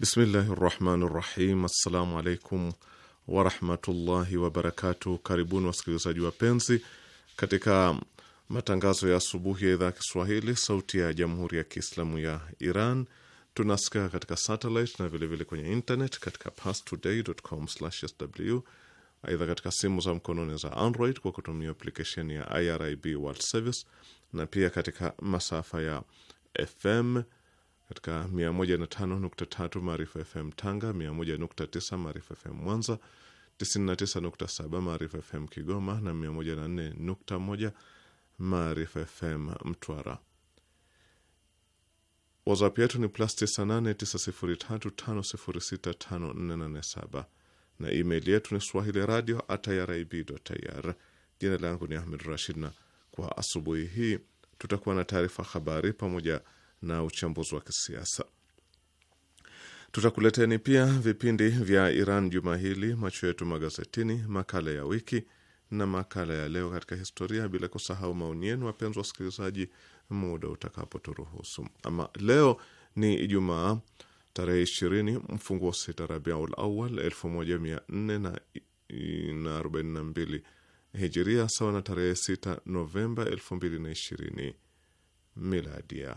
Bismillahi rahmani rahim. Assalamu alaikum warahmatullahi wabarakatuh Karibuni wasikilizaji wapenzi katika matangazo ya asubuhi ya idhaa ya Kiswahili sauti ya jamhuri ya Kiislamu ya Iran. Tunasikia katika satellite na vilevile kwenye internet katika pastoday.com/sw. Aidha, katika simu za mkononi za Android kwa kutumia aplikesheni ya IRIB World Service na pia katika masafa ya FM katika 105.3 Maarifa FM Tanga, 101.9 Maarifa FM Mwanza, 99.7 Maarifa FM Kigoma na 104.1 Maarifa FM Mtwara. WhatsApp yetu ni plus 989035065487 na email yetu ni swahili radio irib.ir. Jina langu ni Ahmed Rashid, na kwa asubuhi hii tutakuwa na taarifa habari pamoja na uchambuzi wa kisiasa. Tutakuleteni pia vipindi vya Iran juma hili, macho yetu magazetini, makala ya wiki na makala ya leo katika historia, bila kusahau maoni yenu, wapenzi wasikilizaji, muda utakapoturuhusu. Ama leo ni Ijumaa tarehe ishirini mfunguo sita Rabiul Awal elfu moja mia nne na arobaini na mbili hijiria sawa na tarehe sita Novemba elfu mbili na ishirini miladia.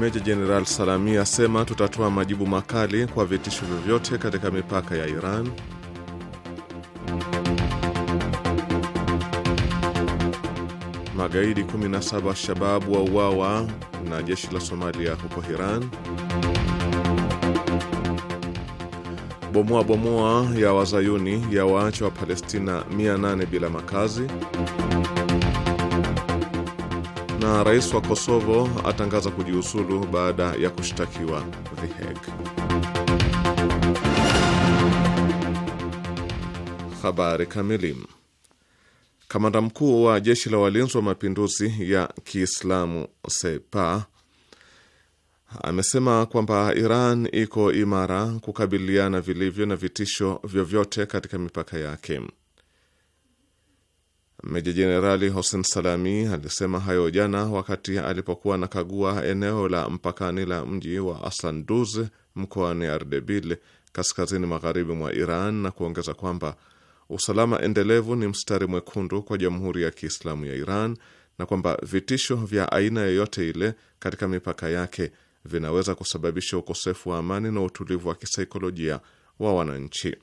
Meja Jeneral Salami asema tutatoa majibu makali kwa vitisho vyovyote katika mipaka ya Iran. Magaidi 17 shababu wa uawa na jeshi la Somalia huko Iran. Bomoa bomoa ya wazayuni ya waacha wa Palestina 800 bila makazi na rais wa Kosovo atangaza kujiuzulu baada ya kushtakiwa The Hague. Habari kamili. Kamanda mkuu wa jeshi la walinzi wa mapinduzi ya Kiislamu Sepa amesema kwamba Iran iko imara kukabiliana vilivyo na vitisho vyovyote katika mipaka yake. Meja Jenerali Hossein Salami alisema hayo jana wakati alipokuwa anakagua eneo la mpakani la mji wa Aslanduz mkoani Ardebil kaskazini magharibi mwa Iran na kuongeza kwamba usalama endelevu ni mstari mwekundu kwa Jamhuri ya Kiislamu ya Iran na kwamba vitisho vya aina yoyote ile katika mipaka yake vinaweza kusababisha ukosefu wa amani na utulivu wa kisaikolojia wa wananchi.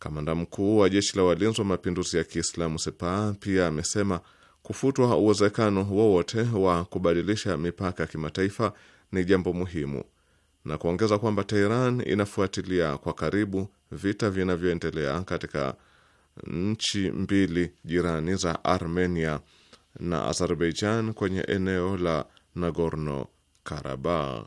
Kamanda mkuu wa jeshi la walinzi wa mapinduzi ya Kiislamu Sepah pia amesema kufutwa uwezekano wowote wa kubadilisha mipaka ya kimataifa ni jambo muhimu na kuongeza kwamba Teheran inafuatilia kwa karibu vita vinavyoendelea katika nchi mbili jirani za Armenia na Azerbaijan kwenye eneo la Nagorno Karabakh.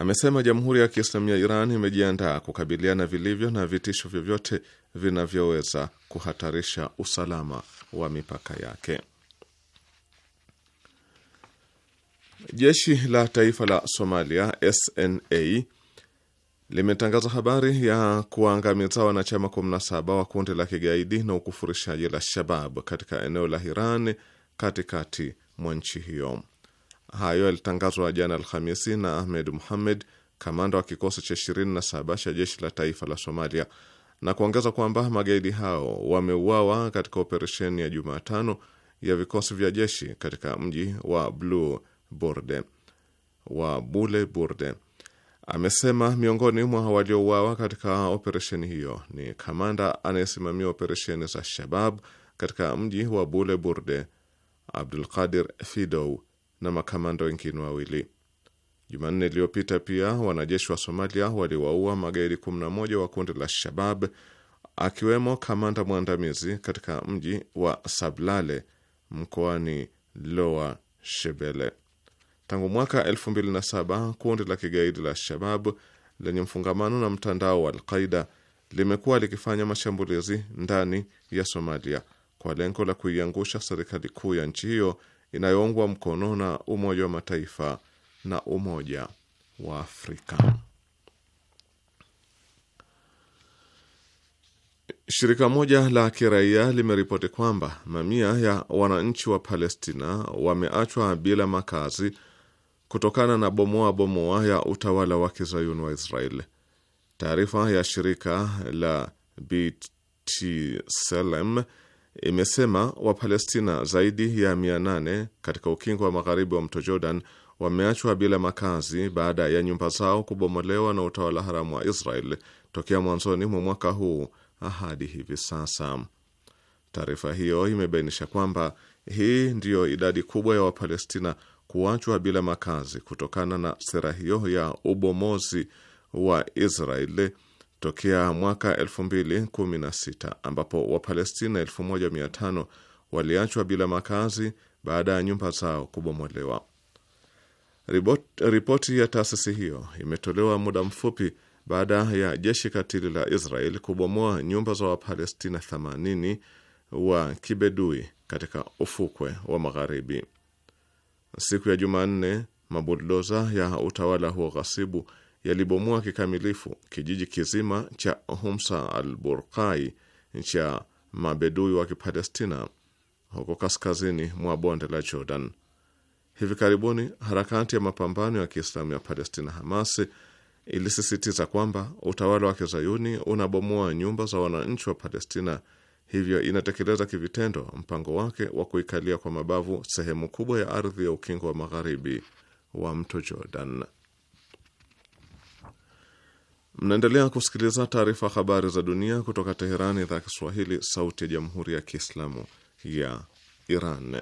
Amesema Jamhuri ya Kiislamu ya Iran imejiandaa kukabiliana vilivyo na vitisho vyovyote vinavyoweza kuhatarisha usalama wa mipaka yake. Jeshi la taifa la Somalia SNA limetangaza habari ya kuangamiza wanachama 17 wa kundi la kigaidi na ukufurishaji la Shabab katika eneo la Hiran katikati mwa nchi hiyo. Hayo yalitangazwa jana Alhamisi na Ahmed Muhammed, kamanda wa kikosi cha saba cha jeshi la taifa la Somalia, na kuongeza kwamba magaidi hao wameuawa katika operesheni ya Jumatano ya vikosi vya jeshi katika mji wa Blue Burde wa Bule Burde. Amesema miongoni mwa waliouawa katika operesheni hiyo ni kamanda anayesimamia operesheni za Shabab katika mji wa Bule Burde, Abdul Qadir Fidow na makamanda wengine wawili. Jumanne iliyopita pia wanajeshi wa Somalia waliwaua magaidi 11 wa kundi la Shabab akiwemo kamanda mwandamizi katika mji wa Sablale mkoani Loa Shebele. Tangu mwaka 2007 kundi la kigaidi la Shabab lenye mfungamano na mtandao wa Alqaida limekuwa likifanya mashambulizi ndani ya Somalia kwa lengo la kuiangusha serikali kuu ya nchi hiyo inayoungwa mkono na Umoja wa Mataifa na Umoja wa Afrika. Shirika moja la kiraia limeripoti kwamba mamia ya wananchi wa Palestina wameachwa bila makazi kutokana na bomoa bomoa ya utawala wa kizayuni wa Israeli. Taarifa ya shirika la B'Tselem imesema Wapalestina zaidi ya 800 katika ukingo wa magharibi wa mto Jordan wameachwa bila makazi baada ya nyumba zao kubomolewa na utawala haramu wa Israel tokea mwanzoni mwa mwaka huu hadi hivi sasa. Taarifa hiyo imebainisha kwamba hii ndiyo idadi kubwa ya Wapalestina kuachwa bila makazi kutokana na sera hiyo ya ubomozi wa Israel tokea mwaka 2016 ambapo Wapalestina 1500 waliachwa bila makazi baada ya nyumba zao kubomolewa. Ripoti ya taasisi hiyo imetolewa muda mfupi baada ya jeshi katili la Israel kubomoa nyumba za Wapalestina 80 wa kibedui katika ufukwe wa magharibi siku ya Jumanne. Mabuldoza ya utawala huo ghasibu yalibomoa kikamilifu kijiji kizima cha Humsa al Burkai cha mabedui wa Kipalestina huko kaskazini mwa bonde la Jordan. Hivi karibuni harakati ya mapambano ya Kiislamu ya Palestina, Hamas, ilisisitiza kwamba utawala wa kizayuni unabomoa nyumba za wananchi wa Palestina, hivyo inatekeleza kivitendo mpango wake wa kuikalia kwa mabavu sehemu kubwa ya ardhi ya ukingo wa magharibi wa mto Jordan. Mnaendelea kusikiliza taarifa habari za dunia kutoka Teherani, idhaa ya Kiswahili, sauti ya jamhuri ya kiislamu ya Iran.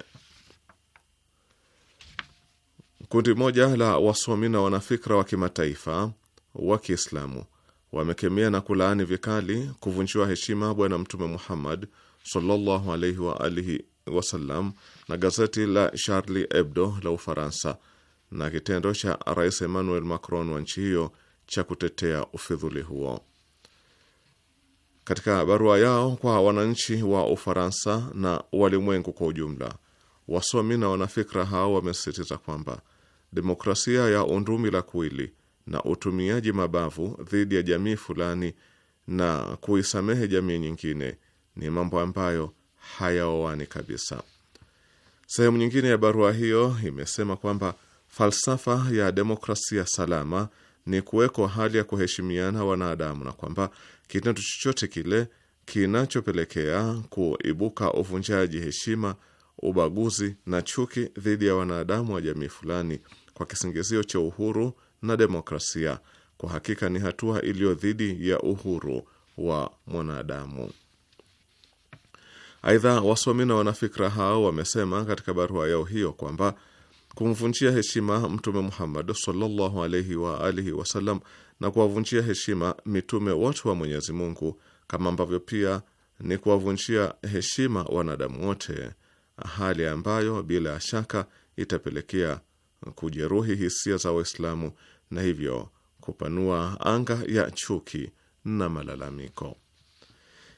Kundi moja la wasomi na wanafikra wa kimataifa wa Kiislamu wamekemea na kulaani vikali kuvunjiwa heshima Bwana Mtume Muhammad sallallahu alaihi wa alihi wasallam na gazeti la Charlie Hebdo la Ufaransa na kitendo cha Rais Emmanuel Macron wa nchi hiyo cha kutetea ufidhuli huo. Katika barua yao kwa wananchi wa Ufaransa na walimwengu kwa ujumla, wasomi na wanafikra hao wamesisitiza kwamba demokrasia ya undumi la kuili na utumiaji mabavu dhidi ya jamii fulani na kuisamehe jamii nyingine ni mambo ambayo hayaoani kabisa. Sehemu nyingine ya barua hiyo imesema kwamba falsafa ya demokrasia salama ni kuweko hali ya kuheshimiana wanadamu, na kwamba kitendo chochote kile kinachopelekea kuibuka uvunjaji heshima, ubaguzi na chuki dhidi ya wanadamu wa jamii fulani kwa kisingizio cha uhuru na demokrasia, kwa hakika ni hatua iliyo dhidi ya uhuru wa mwanadamu. Aidha, wasomi na wanafikra hao wamesema katika barua yao hiyo kwamba kumvunjia heshima Mtume Muhammad sallallahu alaihi wa alihi wasallam na kuwavunjia heshima mitume wote wa Mwenyezi Mungu, kama ambavyo pia ni kuwavunjia heshima wanadamu wote, hali ambayo bila shaka itapelekea kujeruhi hisia za Waislamu na hivyo kupanua anga ya chuki na malalamiko.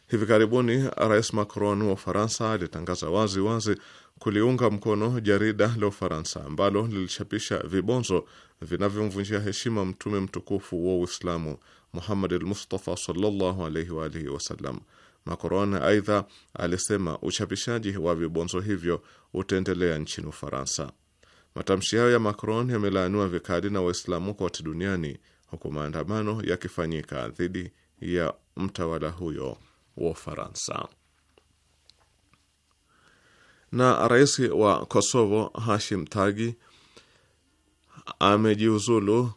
Hivi karibuni Rais Macron wa Ufaransa alitangaza wazi wazi kuliunga mkono jarida la Ufaransa ambalo lilichapisha vibonzo vinavyomvunjia heshima mtume mtukufu wa Uislamu Muhammad al-Mustafa sallallahu wa alihi wasallam. Macron aidha alisema uchapishaji wa vibonzo hivyo utaendelea nchini Ufaransa. Matamshi hayo ya Macron yamelaaniwa vikali na Waislamu kote duniani huku maandamano yakifanyika dhidi ya mtawala huyo wa Ufaransa na rais wa Kosovo Hashim Tagi amejiuzulu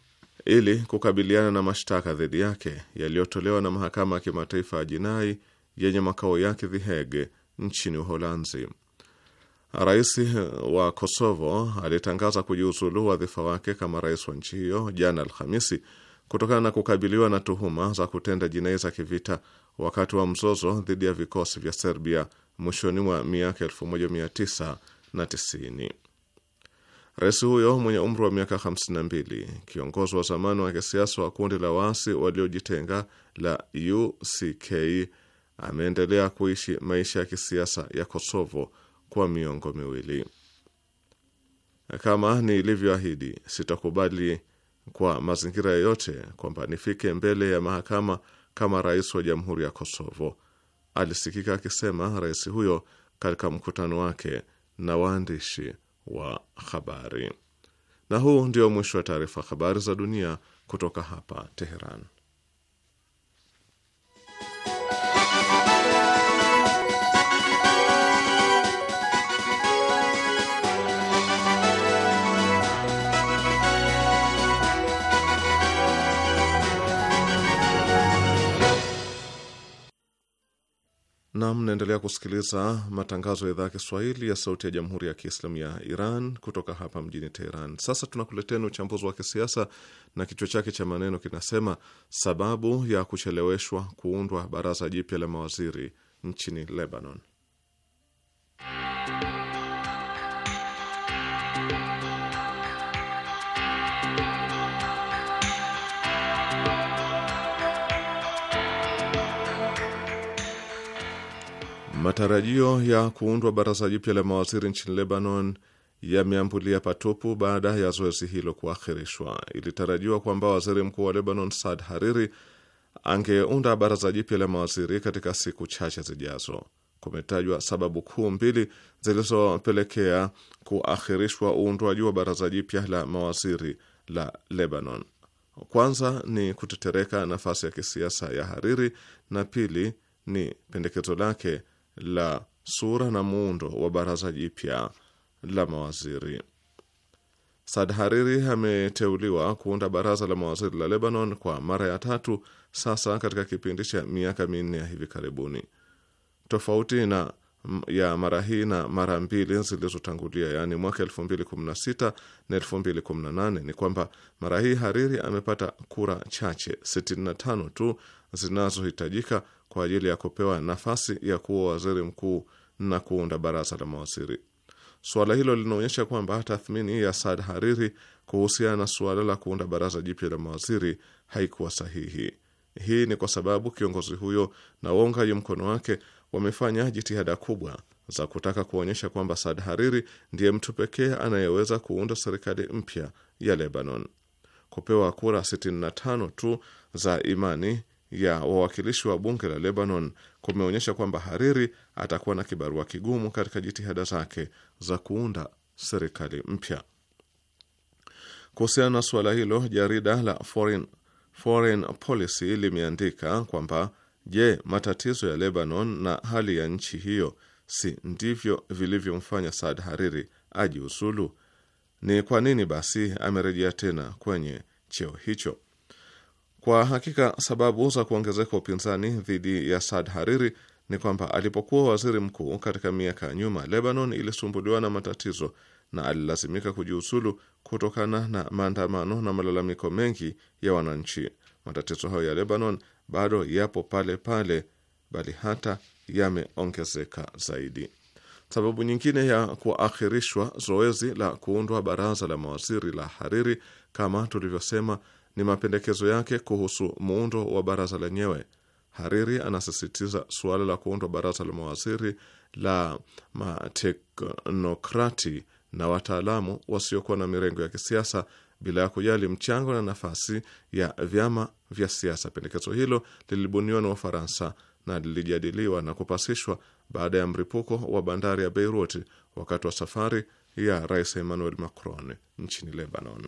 ili kukabiliana na mashtaka dhidi yake yaliyotolewa na mahakama ya kimataifa ya jinai yenye makao yake The Hague nchini Uholanzi. Rais wa Kosovo alitangaza kujiuzulu wadhifa wake kama rais wa nchi hiyo jana Alhamisi kutokana na kukabiliwa na tuhuma za kutenda jinai za kivita wakati wa mzozo dhidi ya vikosi vya Serbia mwishoni mwa miaka 1990. Rais huyo mwenye umri wa miaka 52, kiongozi wa zamani wa kisiasa wa kundi la waasi waliojitenga la UCK, ameendelea kuishi maisha ya kisiasa ya Kosovo kwa miongo miwili. Kama nilivyoahidi, sitakubali kwa mazingira yoyote kwamba nifike mbele ya mahakama kama rais wa jamhuri ya Kosovo, alisikika akisema rais huyo katika mkutano wake na waandishi wa habari. Na huu ndio mwisho wa taarifa habari za dunia kutoka hapa Teheran. na mnaendelea kusikiliza matangazo ya idhaa ya Kiswahili ya Sauti ya Jamhuri ya Kiislamu ya Iran kutoka hapa mjini Teheran. Sasa tunakuleteni uchambuzi wa kisiasa na kichwa chake cha maneno kinasema sababu ya kucheleweshwa kuundwa baraza jipya la mawaziri nchini Lebanon. Matarajio ya kuundwa baraza jipya la mawaziri nchini Lebanon yameambulia patupu baada ya zoezi hilo kuakhirishwa. Ilitarajiwa kwamba waziri mkuu wa Lebanon Saad Hariri angeunda baraza jipya la mawaziri katika siku chache zijazo. Kumetajwa sababu kuu mbili zilizopelekea kuakhirishwa uundwaji wa baraza jipya la mawaziri la Lebanon. Kwanza ni kutetereka nafasi ya kisiasa ya Hariri na pili ni pendekezo lake la sura na muundo wa baraza jipya la mawaziri. Saad Hariri ameteuliwa kuunda baraza la mawaziri la Lebanon kwa mara ya tatu sasa katika kipindi cha miaka minne ya hivi karibuni, tofauti na ya mara hii na mara mbili zilizotangulia, yaani mwaka 2016 na 2018, ni kwamba mara hii Hariri amepata kura chache 65 tu zinazohitajika kwa ajili ya kupewa nafasi ya kuwa waziri mkuu na kuunda baraza la mawaziri. Suala hilo linaonyesha kwamba tathmini ya Saad Hariri kuhusiana na suala la kuunda baraza jipya la mawaziri haikuwa sahihi. Hii ni kwa sababu kiongozi huyo na waungaji mkono wake wamefanya jitihada kubwa za kutaka kuonyesha kwamba Saad Hariri ndiye mtu pekee anayeweza kuunda serikali mpya ya Lebanon. Kupewa kura 65 tu za imani ya wawakilishi wa bunge la Lebanon kumeonyesha kwamba Hariri atakuwa na kibarua kigumu katika jitihada zake za kuunda serikali mpya. Kuhusiana na suala hilo, jarida la Foreign, Foreign Policy limeandika kwamba je, matatizo ya Lebanon na hali ya nchi hiyo si ndivyo vilivyomfanya Saad Hariri ajiuzulu? Ni kwa nini basi amerejea tena kwenye cheo hicho? Kwa hakika sababu za kuongezeka upinzani dhidi ya Saad Hariri ni kwamba alipokuwa waziri mkuu katika miaka ya nyuma, Lebanon ilisumbuliwa na matatizo na alilazimika kujiuzulu kutokana na maandamano na malalamiko mengi ya wananchi. Matatizo hayo ya Lebanon bado yapo pale pale, bali hata yameongezeka zaidi. Sababu nyingine ya kuakhirishwa zoezi la kuundwa baraza la mawaziri la Hariri, kama tulivyosema ni mapendekezo yake kuhusu muundo wa baraza lenyewe. Hariri anasisitiza suala la kuundwa baraza la mawaziri la mateknokrati na wataalamu wasiokuwa na mirengo ya kisiasa bila ya kujali mchango na nafasi ya vyama vya siasa. Pendekezo hilo lilibuniwa na Ufaransa na lilijadiliwa na kupasishwa baada ya mripuko wa bandari ya Beirut wakati wa safari ya Rais Emmanuel Macron nchini Lebanon.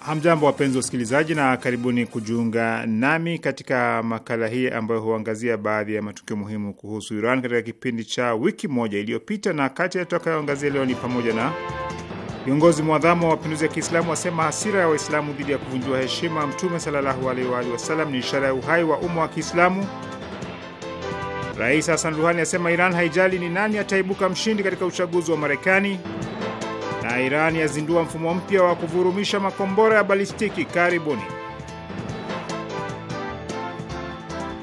Hamjambo, wapenzi wa usikilizaji, na karibuni kujiunga nami katika makala hii ambayo huangazia baadhi ya matukio muhimu kuhusu Iran katika kipindi cha wiki moja iliyopita, na kati ya tutakayoangazia leo ni pamoja na viongozi mwadhamu wa mapinduzi ya Kiislamu wasema hasira ya Waislamu dhidi ya kuvunjiwa heshima Mtume sallallahu alaihi wa alihi wasallam ni ishara ya uhai wa umma wa Kiislamu. Rais Hasan Ruhani asema Iran haijali ni nani ataibuka mshindi katika uchaguzi wa Marekani. Iran yazindua mfumo mpya wa kuvurumisha makombora ya balistiki. Karibuni.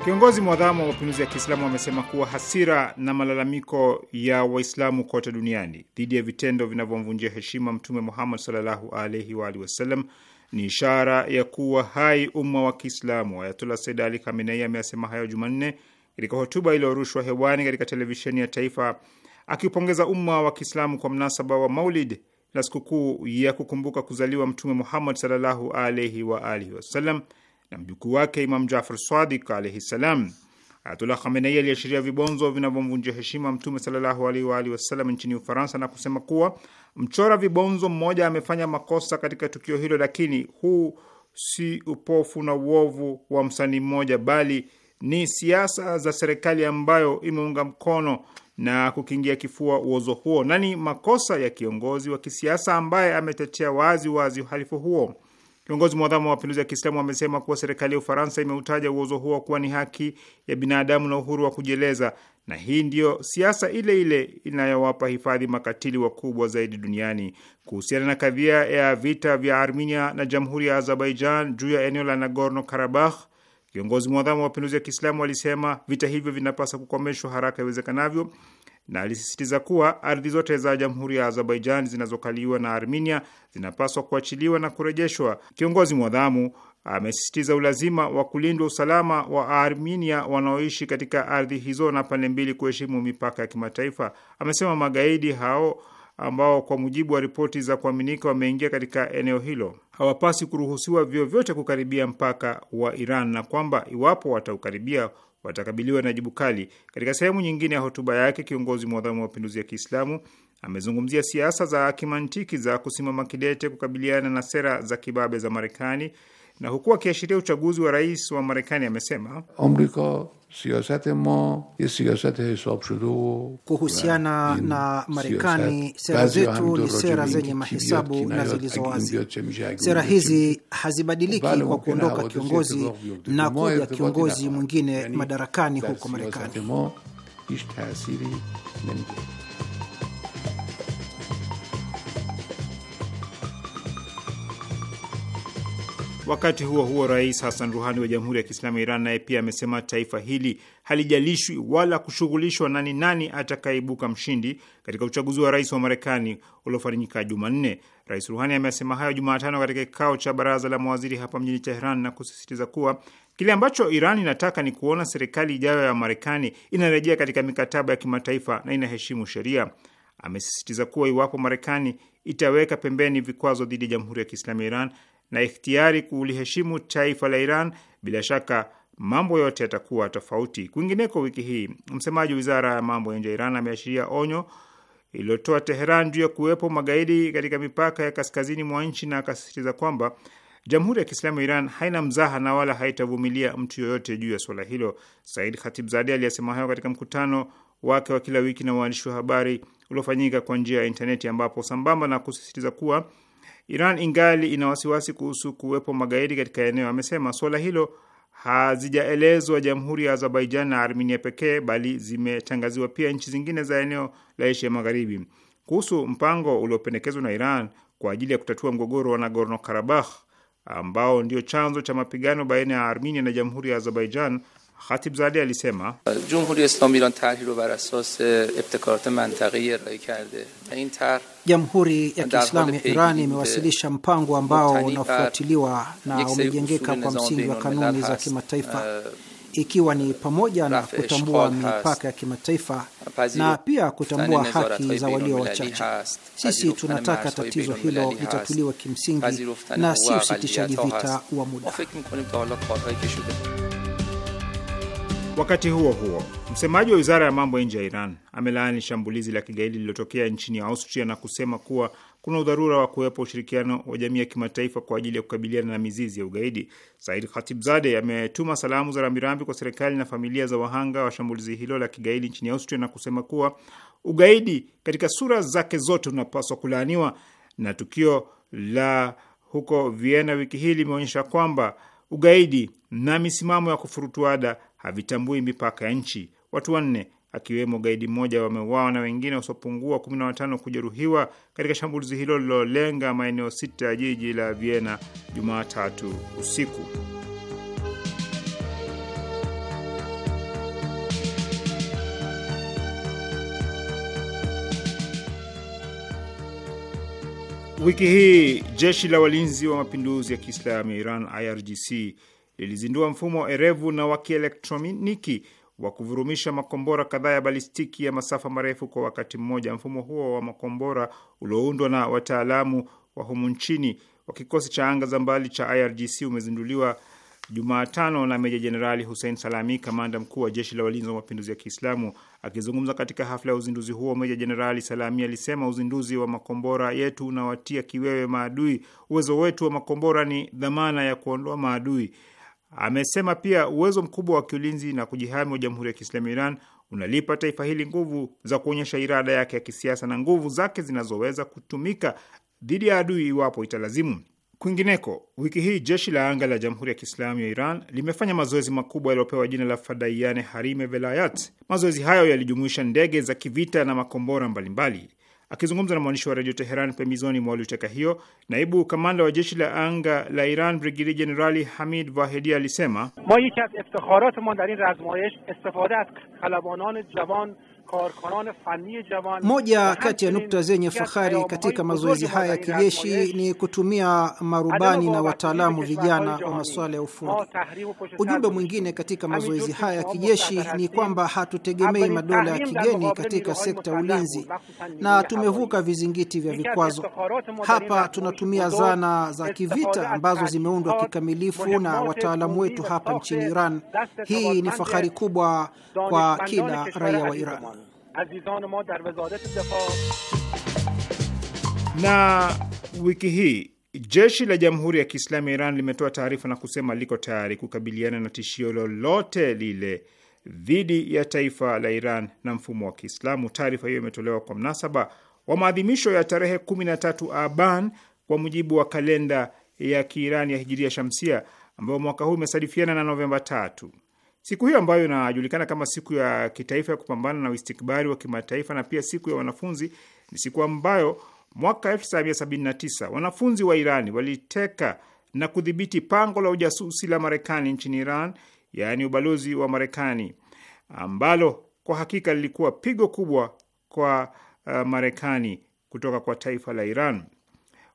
Kiongozi mwadhamu wa mapinduzi ya Kiislamu amesema kuwa hasira na malalamiko ya Waislamu kote duniani dhidi ya vitendo vinavyomvunjia heshima Mtume Muhammad sallallahu alaihi wa alihi wasallam ni ishara ya kuwa hai umma wa Kiislamu. Ayatullah Said Ali Khamenei ameyasema hayo Jumanne katika hotuba iliyorushwa hewani katika televisheni ya taifa, akiupongeza umma wa Kiislamu kwa mnasaba wa Maulid na sikukuu ya kukumbuka kuzaliwa Mtume Muhammad sallallahu alaihi wa alihi wasallam na mjukuu wake Imam Jafar Swadik alaihi salam. Ayatullah Khamenei aliashiria vibonzo vinavyomvunjia heshima Mtume sallallahu alaihi wa alihi wasallam nchini Ufaransa na kusema kuwa mchora vibonzo mmoja amefanya makosa katika tukio hilo, lakini huu si upofu na uovu wa msanii mmoja, bali ni siasa za serikali ambayo imeunga mkono na kukingia kifua uozo huo, na ni makosa ya kiongozi wa kisiasa ambaye ametetea wazi wazi uhalifu huo. Kiongozi mwadhamu wa mapinduzi ya Kiislamu amesema kuwa serikali ya Ufaransa imeutaja uozo huo kuwa ni haki ya binadamu na uhuru wa kujieleza, na hii ndiyo siasa ile ile inayowapa hifadhi makatili wakubwa zaidi duniani. Kuhusiana na kadhia ya vita vya Armenia na jamhuri ya Azerbaijan juu ya eneo la Nagorno Karabakh, Kiongozi mwadhamu wa mapinduzi ya Kiislamu alisema vita hivyo vinapaswa kukomeshwa haraka iwezekanavyo, na alisisitiza kuwa ardhi zote za jamhuri ya Azerbaijan zinazokaliwa na Armenia zinapaswa kuachiliwa na kurejeshwa. Kiongozi mwadhamu amesisitiza ulazima wa kulindwa usalama wa Armenia wanaoishi katika ardhi hizo na pande mbili kuheshimu mipaka ya kimataifa. Amesema magaidi hao ambao kwa mujibu wa ripoti za kuaminika wameingia katika eneo hilo hawapasi kuruhusiwa vyovyote kukaribia mpaka wa Iran na kwamba iwapo wataukaribia watakabiliwa na jibu kali. Katika sehemu nyingine ya hotuba yake, kiongozi mwadhamu wa mapinduzi ya Kiislamu amezungumzia siasa za kimantiki za kusimama kidete kukabiliana na sera za kibabe za Marekani na huku akiashiria uchaguzi wa rais wa Marekani amesema kuhusiana na Marekani, sera zetu ni sera zenye mahesabu na zilizo wazi. Sera hizi hazibadiliki kwa kuondoka kiongozi na kuja kiongozi mwingine madarakani huko Marekani. Wakati huo huo, Rais Hasan Ruhani wa Jamhuri ya Kiislamu ya Iran naye pia amesema taifa hili halijalishwi wala kushughulishwa na ni nani atakayeibuka mshindi katika uchaguzi wa rais wa Marekani uliofanyika Jumanne. Rais Ruhani amesema hayo Jumatano katika kikao cha baraza la mawaziri hapa mjini Teheran na kusisitiza kuwa kile ambacho Iran inataka ni kuona serikali ijayo ya Marekani inarejea katika mikataba ya kimataifa na inaheshimu sheria. Amesisitiza kuwa iwapo Marekani itaweka pembeni vikwazo dhidi ya Jamhuri ya Kiislamu ya Iran na ikhtiari kuliheshimu taifa la Iran, bila shaka mambo yote yatakuwa tofauti. Kwingineko, wiki hii msemaji wa wizara ya mambo ya nje ya Iran ameashiria onyo iliyotoa Teheran juu ya kuwepo magaidi katika mipaka ya kaskazini mwa nchi na akasisitiza kwamba Jamhuri ya Kiislamu ya Iran haina mzaha na wala haitavumilia mtu yoyote juu ya suala hilo. Said Khatibzadeh aliyesema hayo katika mkutano wake wa kila wiki na waandishi wa habari uliofanyika kwa njia ya intaneti, ambapo sambamba na kusisitiza kuwa Iran ingali ina wasiwasi kuhusu kuwepo magaidi katika eneo. Amesema suala hilo hazijaelezwa Jamhuri ya Azerbaijan na Armenia pekee, bali zimetangaziwa pia nchi zingine za eneo la Asia Magharibi. Kuhusu mpango uliopendekezwa na Iran kwa ajili ya kutatua mgogoro wa Nagorno Karabakh ambao ndio chanzo cha mapigano baina ya Armenia na Jamhuri ya Azerbaijan, Khatibzadeh alisema Jamhuri ya Kiislamu ya Iran imewasilisha mpango ambao unafuatiliwa na umejengeka kwa msingi wa kanuni za kimataifa, ikiwa ni pamoja na kutambua mipaka ya kimataifa na pia kutambua haki za walio wachache. Sisi tunataka tatizo hilo litatuliwe kimsingi na si usitishaji vita wa muda. Wakati huo huo, msemaji wa wizara ya mambo ya nje ya Iran amelaani shambulizi la kigaidi lililotokea nchini Austria na kusema kuwa kuna udharura wa kuwepo ushirikiano wa jamii ya kimataifa kwa ajili ya kukabiliana na mizizi ya ugaidi. Said Khatibzade ametuma salamu za rambirambi kwa serikali na familia za wahanga wa shambulizi hilo la kigaidi nchini Austria na kusema kuwa ugaidi katika sura zake zote unapaswa kulaaniwa, na tukio la huko Vienna wiki hii limeonyesha kwamba ugaidi na misimamo ya kufurutuada havitambui mipaka ya nchi. Watu wanne akiwemo gaidi mmoja wameuawa na wengine wasiopungua kumi na watano kujeruhiwa katika shambulizi hilo lililolenga maeneo sita ya jiji la Vienna Jumatatu usiku. Wiki hii jeshi la walinzi wa mapinduzi ya Kiislamu ya Iran IRGC lilizindua mfumo erevu na wa kielektroniki wa kuvurumisha makombora kadhaa ya balistiki ya masafa marefu kwa wakati mmoja. Mfumo huo wa makombora ulioundwa na wataalamu wa humu nchini wa kikosi cha anga za mbali cha IRGC umezinduliwa Jumatano na Meja Jenerali Hussein Salami, kamanda mkuu wa jeshi la walinzi wa mapinduzi ya Kiislamu. Akizungumza katika hafla ya uzinduzi huo, Meja Jenerali Salami alisema uzinduzi wa makombora yetu unawatia kiwewe maadui. Uwezo wetu wa makombora ni dhamana ya kuondoa maadui. Amesema pia uwezo mkubwa wa kiulinzi na kujihami wa Jamhuri ya Kiislamu ya Iran unalipa taifa hili nguvu za kuonyesha irada yake ya kisiasa na nguvu zake zinazoweza kutumika dhidi ya adui iwapo italazimu. Kwingineko, wiki hii jeshi la anga la Jamhuri ya Kiislamu ya Iran limefanya mazoezi makubwa yaliyopewa jina la Fadaiane Harime Velayat. Mazoezi hayo yalijumuisha ndege za kivita na makombora mbalimbali. Akizungumza na mwandishi wa redio Teheran pembezoni mwa luteka hiyo, naibu kamanda wa jeshi la anga la Iran Brigedi Jenerali Hamid Vahedi alisema ma yeki az iftiharateman dar in razmayish istifade az kalabanan javan moja kati ya nukta zenye fahari katika mazoezi haya ya kijeshi ni kutumia marubani na wataalamu vijana wa masuala ya ufundi. Ujumbe mwingine katika mazoezi haya ya kijeshi ni kwamba hatutegemei madola ya kigeni katika sekta ya ulinzi na tumevuka vizingiti vya vikwazo. Hapa tunatumia zana za kivita ambazo zimeundwa kikamilifu na wataalamu wetu hapa nchini Iran. Hii ni fahari kubwa kwa kila raia wa Iran. عزیزان ما در وزارت دفاع na wiki hii jeshi la Jamhuri ya Kiislamu ya Iran limetoa taarifa na kusema liko tayari kukabiliana na tishio lolote lile dhidi ya taifa la Iran na mfumo wa Kiislamu. Taarifa hiyo imetolewa kwa mnasaba wa maadhimisho ya tarehe 13 Aban kwa mujibu wa kalenda ya Kiirani ya Hijiria Shamsia, ambayo mwaka huu imesadifiana na Novemba tatu. Siku hiyo ambayo inajulikana kama siku ya kitaifa ya kupambana na uistikbari wa kimataifa na pia siku ya wanafunzi, ni siku ambayo mwaka 1979 wanafunzi wa Irani waliteka na kudhibiti pango la ujasusi la Marekani nchini Iran, yaani ubalozi wa Marekani, ambalo kwa hakika lilikuwa pigo kubwa kwa uh, Marekani kutoka kwa taifa la Iran.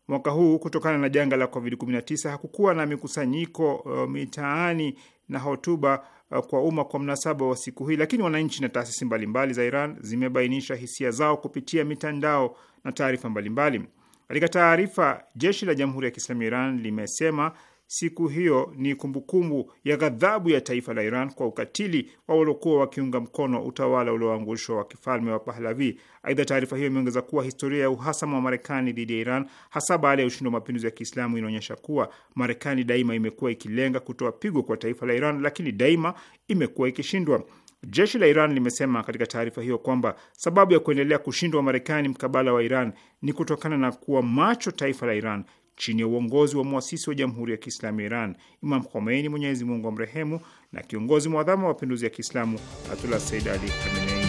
Mwaka huu kutokana na janga la COVID-19 hakukuwa na mikusanyiko uh, mitaani na hotuba Uh, kwa umma kwa mnasaba wa siku hii, lakini wananchi na taasisi mbalimbali za Iran zimebainisha hisia zao kupitia mitandao na taarifa mbalimbali. Katika taarifa, jeshi la Jamhuri ya Kiislamu Iran limesema siku hiyo ni kumbukumbu kumbu ya ghadhabu ya taifa la Iran kwa ukatili wa waliokuwa wakiunga mkono utawala ulioangushwa wa kifalme wa Pahlavi. Aidha, taarifa hiyo imeongeza kuwa historia ya uhasama wa Marekani dhidi ya Iran, hasa baada ya ushindi wa mapinduzi ya Kiislamu, inaonyesha kuwa Marekani daima imekuwa ikilenga kutoa pigo kwa taifa la Iran, lakini daima imekuwa ikishindwa. Jeshi la Iran limesema katika taarifa hiyo kwamba sababu ya kuendelea kushindwa Marekani mkabala wa Iran ni kutokana na kuwa macho taifa la Iran chini ya uongozi wa mwasisi wa Jamhuri ya Kiislamu ya Iran, Imam Khomeini, Mwenyezi Mungu amrehemu, na kiongozi mwadhama wa mapinduzi ya Kiislamu Atula said Ali Khamenei.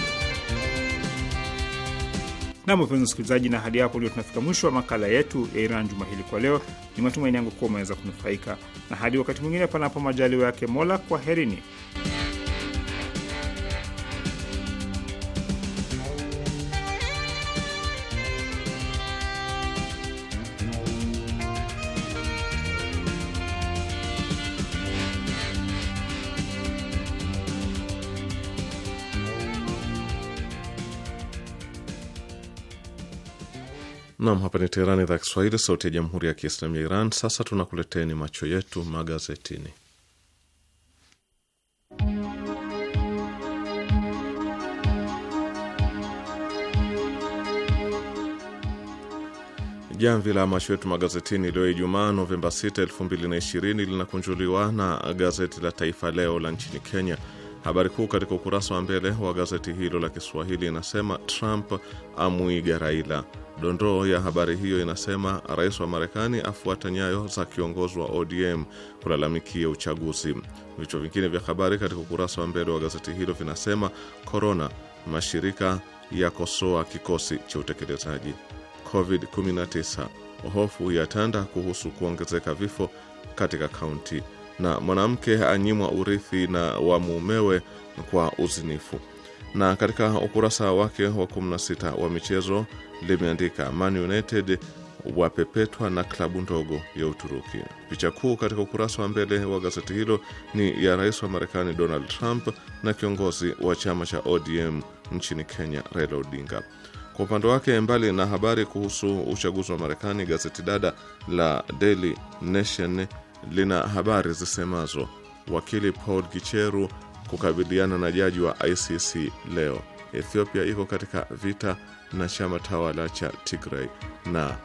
Nam, wapenzi wasikilizaji, na hadi hapo ndio tunafika mwisho wa makala yetu ya Iran juma hili kwa leo. Ni matumaini yangu kuwa umeweza kunufaika, na hadi wakati mwingine, panapo majaliwa yake Mola, kwaherini. Nam, hapa ni Teherani, idhaa Kiswahili, sauti ya jamhuri ya kiislamu ya Iran. Sasa tunakuleteni macho yetu magazetini. Jamvi la macho yetu magazetini leo Ijumaa Novemba 6, 2020 linakunjuliwa na gazeti la Taifa Leo la nchini Kenya. Habari kuu katika ukurasa wa mbele wa gazeti hilo la Kiswahili inasema Trump amwiga Raila Dondoo ya habari hiyo inasema rais wa Marekani afuata nyayo za kiongozi wa ODM kulalamikia uchaguzi. Vichwa vingine vya habari katika ukurasa wa mbele wa gazeti hilo vinasema: korona, mashirika yakosoa kikosi cha utekelezaji; COVID-19, hofu ya tanda kuhusu kuongezeka vifo katika kaunti; na mwanamke anyimwa urithi na wa mumewe kwa uzinifu. Na katika ukurasa wake wa 16 wa michezo limeandika Man United wapepetwa na klabu ndogo ya Uturuki. Picha kuu katika ukurasa wa mbele wa gazeti hilo ni ya rais wa Marekani Donald Trump na kiongozi wa chama cha ODM nchini Kenya Raila Odinga. Kwa upande wake, mbali na habari kuhusu uchaguzi wa Marekani, gazeti dada la Daily Nation lina habari zisemazo wakili Paul Gicheru kukabiliana na jaji wa ICC leo, Ethiopia iko katika vita na chama tawala cha Tigray na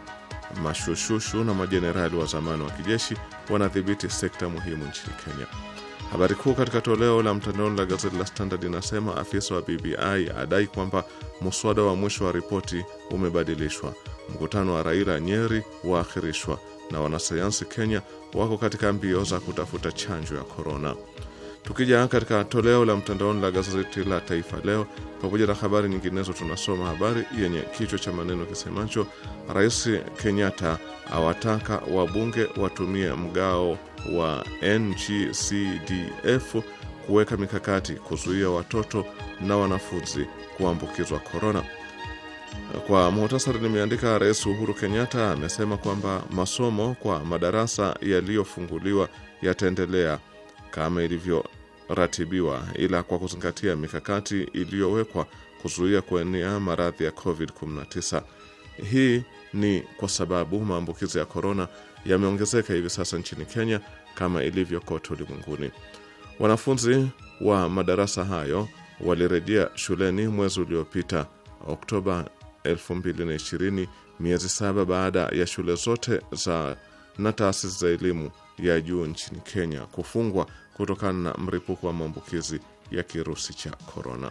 mashushushu na majenerali wa zamani wa kijeshi wanadhibiti sekta muhimu nchini Kenya. Habari kuu katika toleo la mtandaoni la gazeti la Standard inasema afisa wa BBI adai kwamba muswada wa mwisho wa ripoti umebadilishwa, mkutano wa Raila Nyeri waakhirishwa, na wanasayansi Kenya wako katika mbio za kutafuta chanjo ya korona. Tukija katika toleo la mtandaoni la gazeti la Taifa Leo, pamoja na habari nyinginezo, tunasoma habari yenye kichwa cha maneno kisemacho Rais Kenyatta awataka wabunge watumie mgao wa NGCDF kuweka mikakati kuzuia watoto na wanafunzi kuambukizwa korona. Kwa muhtasari, nimeandika Rais Uhuru Kenyatta amesema kwamba masomo kwa madarasa yaliyofunguliwa yataendelea kama ilivyo ratibiwa ila kwa kuzingatia mikakati iliyowekwa kuzuia kuenea maradhi ya COVID-19. Hii ni kwa sababu maambukizi ya korona yameongezeka hivi sasa nchini Kenya kama ilivyo kote ulimwenguni. Wanafunzi wa madarasa hayo walirejea shuleni mwezi uliopita Oktoba 2020, miezi saba baada ya shule zote za na taasisi za elimu ya juu nchini Kenya kufungwa kutokana na mripuko wa maambukizi ya kirusi cha korona.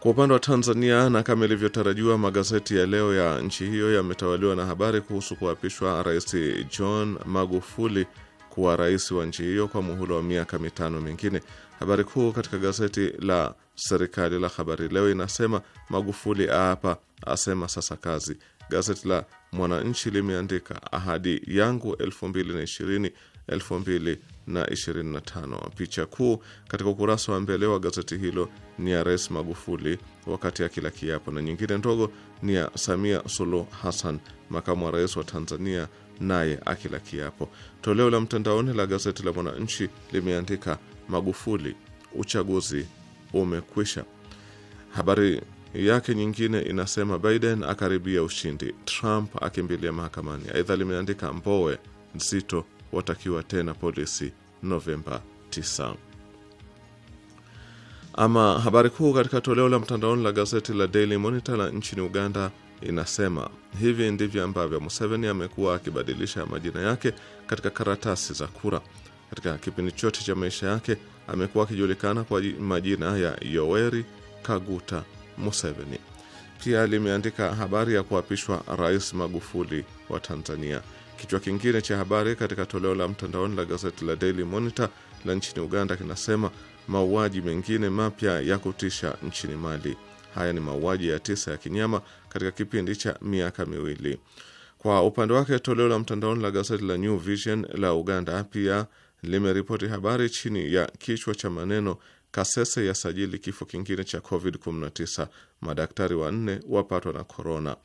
Kwa upande wa Tanzania, na kama ilivyotarajiwa, magazeti ya leo ya nchi hiyo yametawaliwa na habari kuhusu kuapishwa Rais John Magufuli kuwa rais wa nchi hiyo kwa muhula wa miaka mitano mingine. Habari kuu katika gazeti la serikali la Habari Leo inasema Magufuli aapa, asema sasa kazi. Gazeti la Mwananchi limeandika ahadi yangu elfu mbili na ishirini 2025. Picha kuu katika ukurasa wa mbele wa gazeti hilo ni ya Rais Magufuli wakati akila kiapo na nyingine ndogo ni ya Samia Suluhu Hassan, makamu wa rais wa Tanzania, naye akila kiapo. Toleo la mtandaoni la gazeti la Mwananchi limeandika Magufuli, uchaguzi umekwisha. Habari yake nyingine inasema Biden akaribia ushindi, Trump akimbilia mahakamani. Aidha limeandika Mbowe, Zito watakiwa tena polisi Novemba 9. Ama habari kuu katika toleo la mtandaoni la gazeti la Daily Monitor la nchini Uganda inasema hivi ndivyo ambavyo Museveni amekuwa akibadilisha majina yake katika karatasi za kura. Katika kipindi chote cha maisha yake amekuwa akijulikana kwa majina ya Yoweri Kaguta Museveni. Pia limeandika habari ya kuapishwa Rais Magufuli wa Tanzania. Kichwa kingine cha habari katika toleo la mtandaoni la gazeti la Daily Monitor la nchini Uganda kinasema mauaji mengine mapya ya kutisha nchini Mali. Haya ni mauaji ya tisa ya kinyama katika kipindi cha miaka miwili. Kwa upande wake, toleo la mtandaoni la gazeti la New Vision la Uganda pia limeripoti habari chini ya kichwa cha maneno Kasese yasajili kifo kingine cha COVID-19, madaktari wanne wapatwa na korona.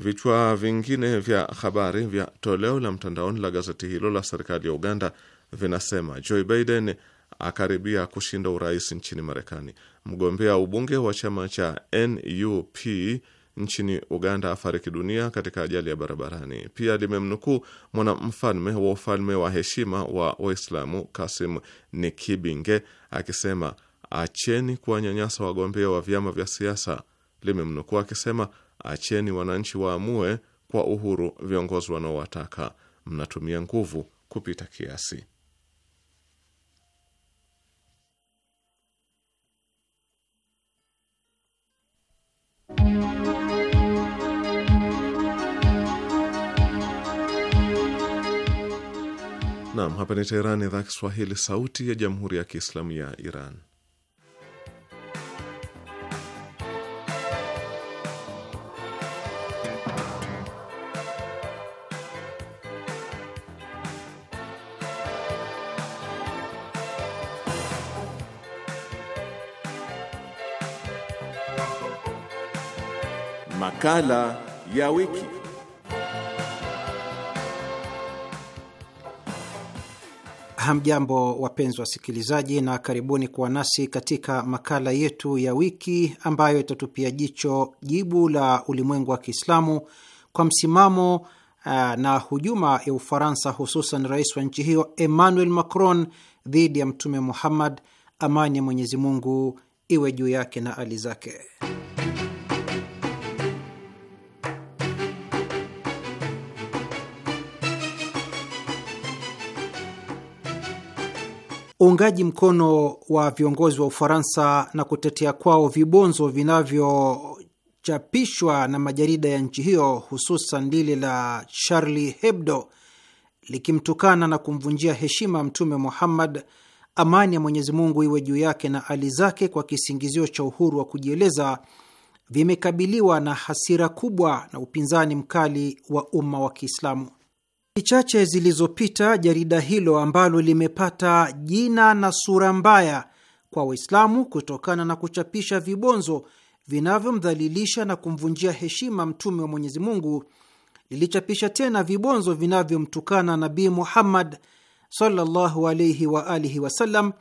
Vichwa vingine vya habari vya toleo la mtandaoni la gazeti hilo la serikali ya Uganda vinasema Joe Biden akaribia kushinda urais nchini Marekani. Mgombea ubunge wa chama cha NUP nchini Uganda afariki dunia katika ajali ya barabarani. Pia limemnukuu mwanamfalme wa ufalme wa heshima wa Waislamu Kasim Nikibinge akisema acheni kuwanyanyasa wagombea wa vyama vya siasa. Limemnukuu akisema Acheni wananchi waamue kwa uhuru viongozi wanaowataka. Mnatumia nguvu kupita kiasi. Naam, hapa ni Teherani, idhaa Kiswahili, sauti ya jamhuri ya kiislamu ya Iran. Makala ya wiki. Hamjambo, wapenzi wasikilizaji, na karibuni kuwa nasi katika makala yetu ya wiki ambayo itatupia jicho jibu la ulimwengu wa Kiislamu kwa msimamo eh, na hujuma ya Ufaransa, hususan rais wa nchi hiyo Emmanuel Macron dhidi ya Mtume Muhammad, amani ya Mwenyezi Mungu iwe juu yake na ali zake. uungaji mkono wa viongozi wa Ufaransa na kutetea kwao vibonzo vinavyochapishwa na majarida ya nchi hiyo, hususan lile la Charlie Hebdo likimtukana na kumvunjia heshima Mtume Muhammad, amani ya Mwenyezi Mungu iwe juu yake na ali zake, kwa kisingizio cha uhuru wa kujieleza, vimekabiliwa na hasira kubwa na upinzani mkali wa umma wa Kiislamu chache zilizopita jarida hilo ambalo limepata jina na sura mbaya kwa Waislamu kutokana na kuchapisha vibonzo vinavyomdhalilisha na kumvunjia heshima Mtume wa Mwenyezi Mungu lilichapisha tena vibonzo vinavyomtukana Nabii Muhammad sallallahu alayhi wa alihi wasallam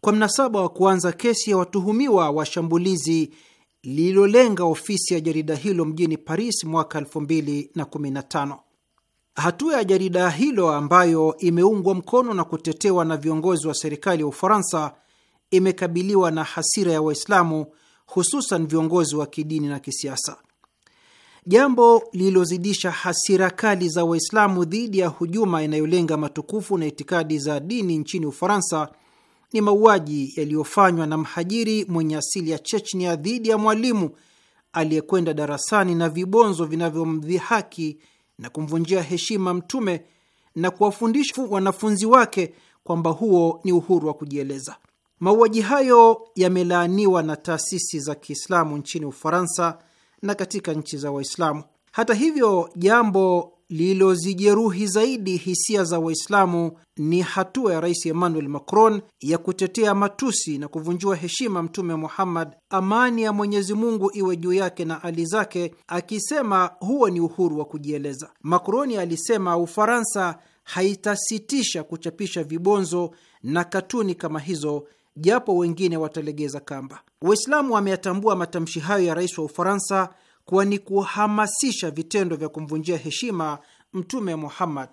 kwa mnasaba wa kuanza kesi ya watuhumiwa wa shambulizi lililolenga ofisi ya jarida hilo mjini Paris mwaka 2015. Hatua ya jarida hilo ambayo imeungwa mkono na kutetewa na viongozi wa serikali ya Ufaransa imekabiliwa na hasira ya Waislamu, hususan viongozi wa kidini na kisiasa, jambo lililozidisha hasira kali za Waislamu dhidi ya hujuma inayolenga matukufu na itikadi za dini nchini Ufaransa ni mauaji yaliyofanywa na mhajiri mwenye asili ya Chechnia dhidi ya mwalimu aliyekwenda darasani na vibonzo vinavyomdhihaki na kumvunjia heshima Mtume na kuwafundisha wanafunzi wake kwamba huo ni uhuru wa kujieleza. Mauaji hayo yamelaaniwa na taasisi za Kiislamu nchini Ufaransa na katika nchi za Waislamu. Hata hivyo, jambo lililozijeruhi zaidi hisia za Waislamu ni hatua ya Rais Emmanuel Macron ya kutetea matusi na kuvunjia heshima Mtume Muhammad, amani ya Mwenyezi Mungu iwe juu yake na ali zake, akisema huo ni uhuru wa kujieleza. Macron alisema Ufaransa haitasitisha kuchapisha vibonzo na katuni kama hizo japo wengine watalegeza kamba. Waislamu wameyatambua matamshi hayo ya rais wa Ufaransa kuwa ni kuhamasisha vitendo vya kumvunjia heshima Mtume Muhammad,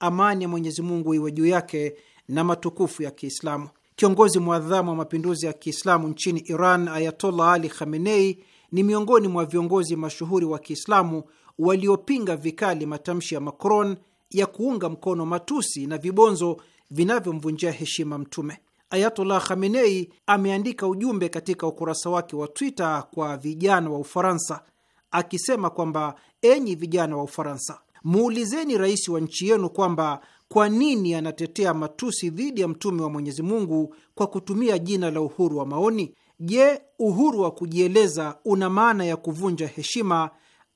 amani ya Mwenyezi Mungu iwe juu yake na matukufu ya Kiislamu. Kiongozi mwadhamu wa mapinduzi ya Kiislamu nchini Iran, Ayatollah Ali Khamenei, ni miongoni mwa viongozi mashuhuri wa Kiislamu waliopinga vikali matamshi ya Macron ya kuunga mkono matusi na vibonzo vinavyomvunjia heshima Mtume. Ayatollah Khamenei ameandika ujumbe katika ukurasa wake wa Twitter kwa vijana wa Ufaransa akisema kwamba enyi vijana wa Ufaransa, muulizeni rais wa nchi yenu kwamba kwa nini anatetea matusi dhidi ya mtume wa Mwenyezi Mungu kwa kutumia jina la uhuru wa maoni? Je, uhuru wa kujieleza una maana ya kuvunja heshima,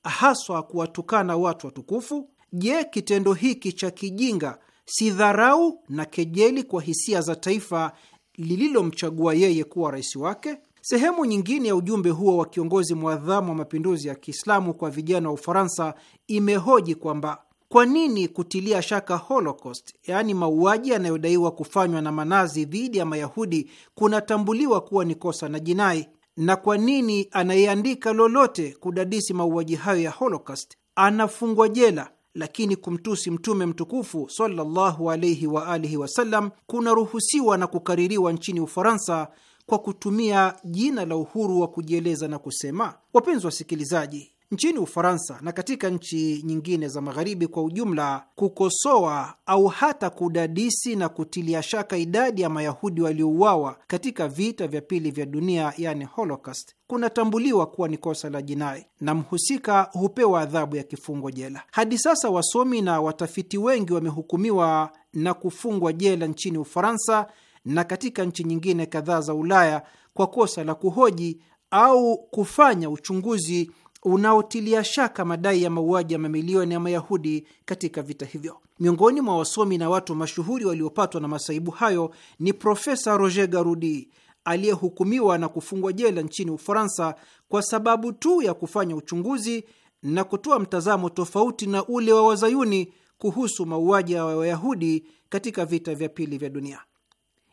haswa kuwatukana watu watukufu? Je, kitendo hiki cha kijinga si dharau na kejeli kwa hisia za taifa lililomchagua yeye kuwa rais wake? Sehemu nyingine ya ujumbe huo wa kiongozi mwadhamu wa mapinduzi ya Kiislamu kwa vijana wa Ufaransa imehoji kwamba kwa nini kutilia shaka Holocaust, yaani mauaji yanayodaiwa kufanywa na manazi dhidi ya Mayahudi, kunatambuliwa kuwa ni kosa na jinai, na kwa nini anayeandika lolote kudadisi mauaji hayo ya Holocaust anafungwa jela, lakini kumtusi Mtume mtukufu sallallahu alaihi waalihi wasallam kunaruhusiwa na kukaririwa nchini Ufaransa kwa kutumia jina la uhuru wa kujieleza na kusema. Wapenzi wasikilizaji, nchini Ufaransa na katika nchi nyingine za Magharibi kwa ujumla, kukosoa au hata kudadisi na kutilia shaka idadi ya Mayahudi waliouawa katika vita vya pili vya dunia, yani Holocaust, kunatambuliwa kuwa ni kosa la jinai na mhusika hupewa adhabu ya kifungo jela. Hadi sasa wasomi na watafiti wengi wamehukumiwa na kufungwa jela nchini Ufaransa na katika nchi nyingine kadhaa za Ulaya kwa kosa la kuhoji au kufanya uchunguzi unaotilia shaka madai ya mauaji ya mamilioni ya Mayahudi katika vita hivyo. Miongoni mwa wasomi na watu mashuhuri waliopatwa na masaibu hayo ni Profesa Roger Garudi aliyehukumiwa na kufungwa jela nchini Ufaransa kwa sababu tu ya kufanya uchunguzi na kutoa mtazamo tofauti na ule wa Wazayuni kuhusu mauaji ya Wayahudi katika vita vya pili vya dunia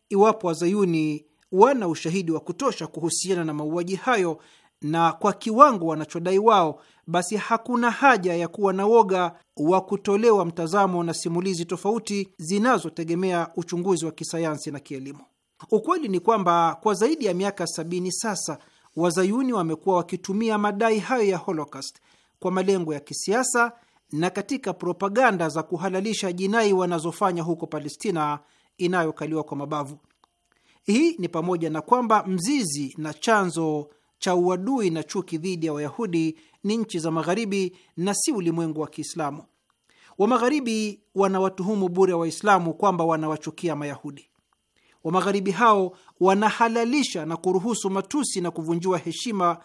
iwapo wazayuni wana ushahidi wa kutosha kuhusiana na mauaji hayo na kwa kiwango wanachodai wao, basi hakuna haja ya kuwa na woga wa kutolewa mtazamo na simulizi tofauti zinazotegemea uchunguzi wa kisayansi na kielimu. Ukweli ni kwamba kwa zaidi ya miaka sabini sasa wazayuni wamekuwa wakitumia madai hayo ya Holocaust kwa malengo ya kisiasa na katika propaganda za kuhalalisha jinai wanazofanya huko Palestina inayokaliwa kwa mabavu. Hii ni pamoja na kwamba mzizi na chanzo cha uadui na chuki dhidi ya Wayahudi ni nchi za Magharibi na si ulimwengu wa Kiislamu. Wamagharibi wanawatuhumu bure Waislamu kwamba wanawachukia Mayahudi. Wamagharibi hao wanahalalisha na kuruhusu matusi na kuvunjiwa heshima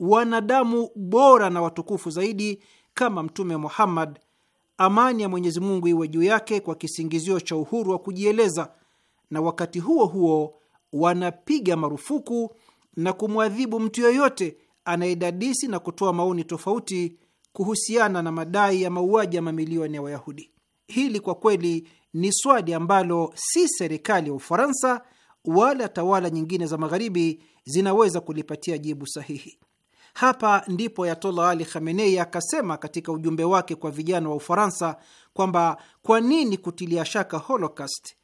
wanadamu bora na watukufu zaidi kama Mtume Muhammad amani ya Mwenyezi Mungu iwe juu yake, kwa kisingizio cha uhuru wa kujieleza, na wakati huo huo wanapiga marufuku na kumwadhibu mtu yoyote anayedadisi na kutoa maoni tofauti kuhusiana na madai ya mauaji ya mamilioni ya Wayahudi. Hili kwa kweli ni swali ambalo si serikali ya Ufaransa wala tawala nyingine za Magharibi zinaweza kulipatia jibu sahihi. Hapa ndipo Ayatollah Ali Khamenei akasema katika ujumbe wake kwa vijana wa Ufaransa kwamba kwa nini kutilia shaka Holocaust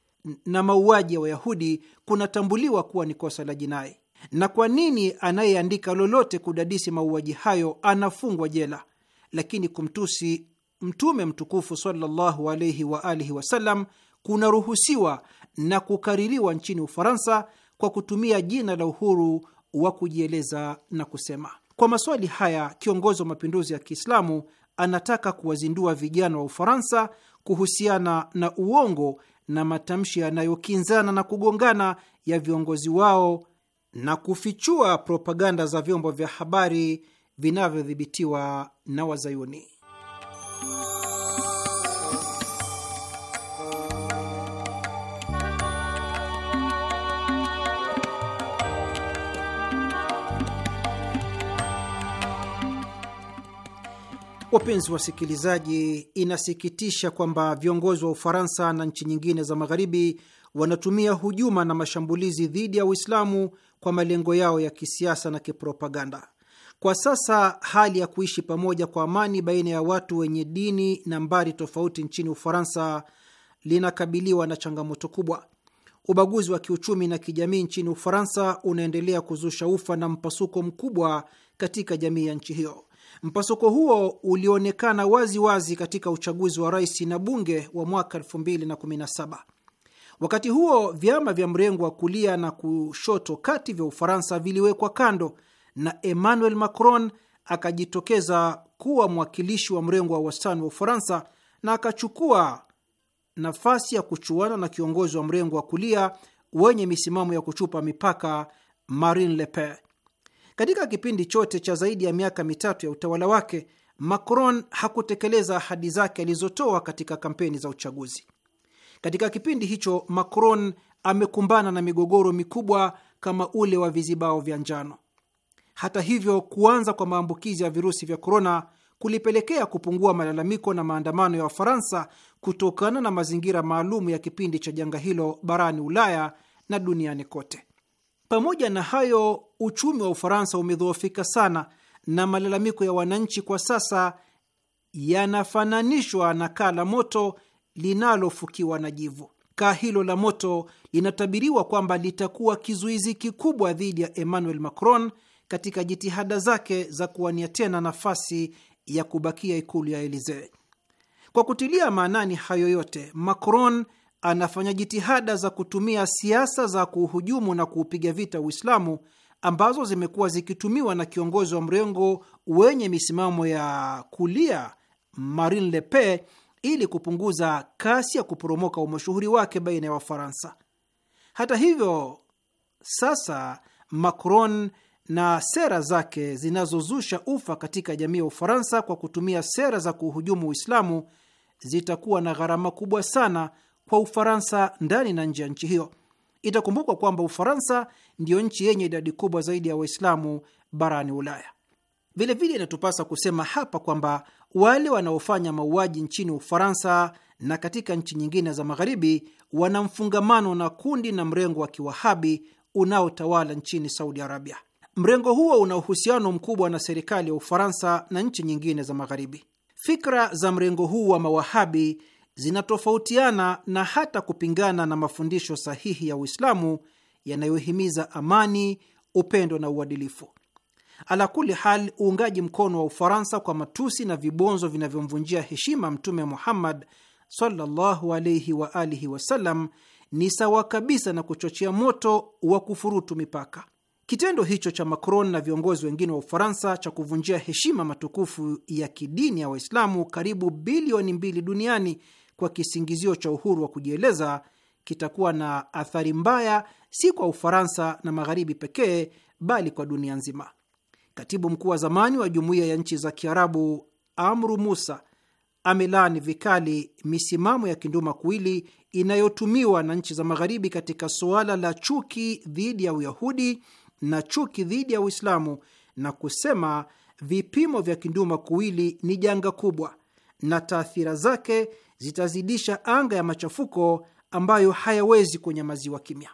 na mauaji ya Wayahudi kunatambuliwa kuwa ni kosa la jinai, na kwa nini anayeandika lolote kudadisi mauaji hayo anafungwa jela, lakini kumtusi Mtume mtukufu sallallahu alaihi wa alihi wasallam kunaruhusiwa na kukaririwa nchini Ufaransa kwa kutumia jina la uhuru wa kujieleza na kusema. Kwa maswali haya, kiongozi wa mapinduzi ya Kiislamu anataka kuwazindua vijana wa Ufaransa kuhusiana na uongo na matamshi yanayokinzana na kugongana ya viongozi wao na kufichua propaganda za vyombo vya habari vinavyodhibitiwa na Wazayuni. Wapenzi wasikilizaji, inasikitisha kwamba viongozi wa Ufaransa na nchi nyingine za Magharibi wanatumia hujuma na mashambulizi dhidi ya Uislamu kwa malengo yao ya kisiasa na kipropaganda. Kwa sasa hali ya kuishi pamoja kwa amani baina ya watu wenye dini na mbari tofauti nchini Ufaransa linakabiliwa na changamoto kubwa. Ubaguzi wa kiuchumi na kijamii nchini Ufaransa unaendelea kuzusha ufa na mpasuko mkubwa katika jamii ya nchi hiyo. Mpasuko huo ulionekana wazi wazi katika uchaguzi wa rais na bunge wa mwaka 2017. Wakati huo vyama vya mrengo wa kulia na kushoto kati vya Ufaransa viliwekwa kando na Emmanuel Macron akajitokeza kuwa mwakilishi wa mrengo wa wastani wa Ufaransa na akachukua nafasi ya kuchuana na kiongozi wa mrengo wa kulia wenye misimamo ya kuchupa mipaka Marine Le Pen. Katika kipindi chote cha zaidi ya miaka mitatu ya utawala wake, Macron hakutekeleza ahadi zake alizotoa katika kampeni za uchaguzi. Katika kipindi hicho, Macron amekumbana na migogoro mikubwa kama ule wa vizibao vya njano. Hata hivyo, kuanza kwa maambukizi ya virusi vya korona kulipelekea kupungua malalamiko na maandamano ya Wafaransa kutokana na mazingira maalum ya kipindi cha janga hilo barani Ulaya na duniani kote. Pamoja na hayo, uchumi wa Ufaransa umedhoofika sana na malalamiko ya wananchi kwa sasa yanafananishwa na kaa la moto linalofukiwa na jivu. Kaa hilo la moto linatabiriwa kwamba litakuwa kizuizi kikubwa dhidi ya Emmanuel Macron katika jitihada zake za kuwania tena nafasi ya kubakia ikulu ya Elisee. Kwa kutilia maanani hayo yote, Macron anafanya jitihada za kutumia siasa za kuuhujumu na kuupiga vita Uislamu ambazo zimekuwa zikitumiwa na kiongozi wa mrengo wenye misimamo ya kulia Marine Le Pen ili kupunguza kasi ya kuporomoka umashuhuri wake baina ya Wafaransa. Hata hivyo, sasa Macron na sera zake zinazozusha ufa katika jamii ya Ufaransa kwa kutumia sera za kuhujumu Uislamu zitakuwa na gharama kubwa sana kwa Ufaransa ndani na nje ya nchi hiyo. Itakumbukwa kwamba Ufaransa ndiyo nchi yenye idadi kubwa zaidi ya Waislamu barani Ulaya. Vilevile inatupasa kusema hapa kwamba wale wanaofanya mauaji nchini Ufaransa na katika nchi nyingine za Magharibi wana mfungamano na kundi na mrengo wa kiwahabi unaotawala nchini Saudi Arabia. Mrengo huo una uhusiano mkubwa na serikali ya Ufaransa na nchi nyingine za Magharibi. Fikra za mrengo huu wa mawahabi zinatofautiana na hata kupingana na mafundisho sahihi ya Uislamu yanayohimiza amani, upendo na uadilifu. Ala kuli hal, uungaji mkono wa Ufaransa kwa matusi na vibonzo vinavyomvunjia heshima Mtume Muhammad sallallahu wa alihi wasallam ni sawa kabisa na kuchochea moto wa kufurutu mipaka. Kitendo hicho cha Macron na viongozi wengine wa Ufaransa cha kuvunjia heshima matukufu ya kidini ya Waislamu karibu bilioni mbili duniani kwa kisingizio cha uhuru wa kujieleza kitakuwa na athari mbaya, si kwa Ufaransa na Magharibi pekee, bali kwa dunia nzima. Katibu mkuu wa zamani wa Jumuiya ya Nchi za Kiarabu Amru Musa amelaani vikali misimamo ya kinduma kuili inayotumiwa na nchi za Magharibi katika suala la chuki dhidi ya Uyahudi na chuki dhidi ya Uislamu na kusema vipimo vya kinduma kuwili ni janga kubwa na taathira zake zitazidisha anga ya machafuko ambayo hayawezi kunyamaziwa kimya.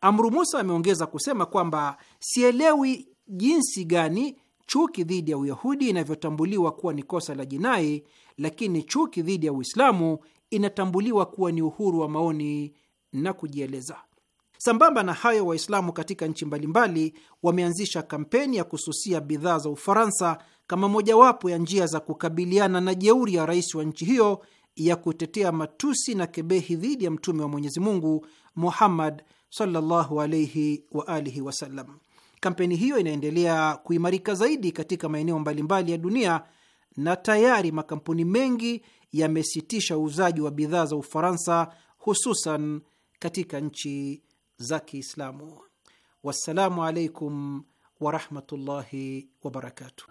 Amru Musa ameongeza kusema kwamba sielewi jinsi gani chuki dhidi ya Uyahudi inavyotambuliwa kuwa ni kosa la jinai, lakini chuki dhidi ya Uislamu inatambuliwa kuwa ni uhuru wa maoni na kujieleza. Sambamba na hayo, Waislamu katika nchi mbalimbali wameanzisha kampeni ya kususia bidhaa za Ufaransa kama mojawapo ya njia za kukabiliana na jeuri ya rais wa nchi hiyo ya kutetea matusi na kebehi dhidi ya mtume wa Mwenyezi Mungu Muhammad sallallahu alaihi wa alihi wasallam. Kampeni hiyo inaendelea kuimarika zaidi katika maeneo mbalimbali ya dunia na tayari makampuni mengi yamesitisha uuzaji wa bidhaa za Ufaransa, hususan katika nchi za Kiislamu. Wassalamu alaikum warahmatullahi wabarakatuh.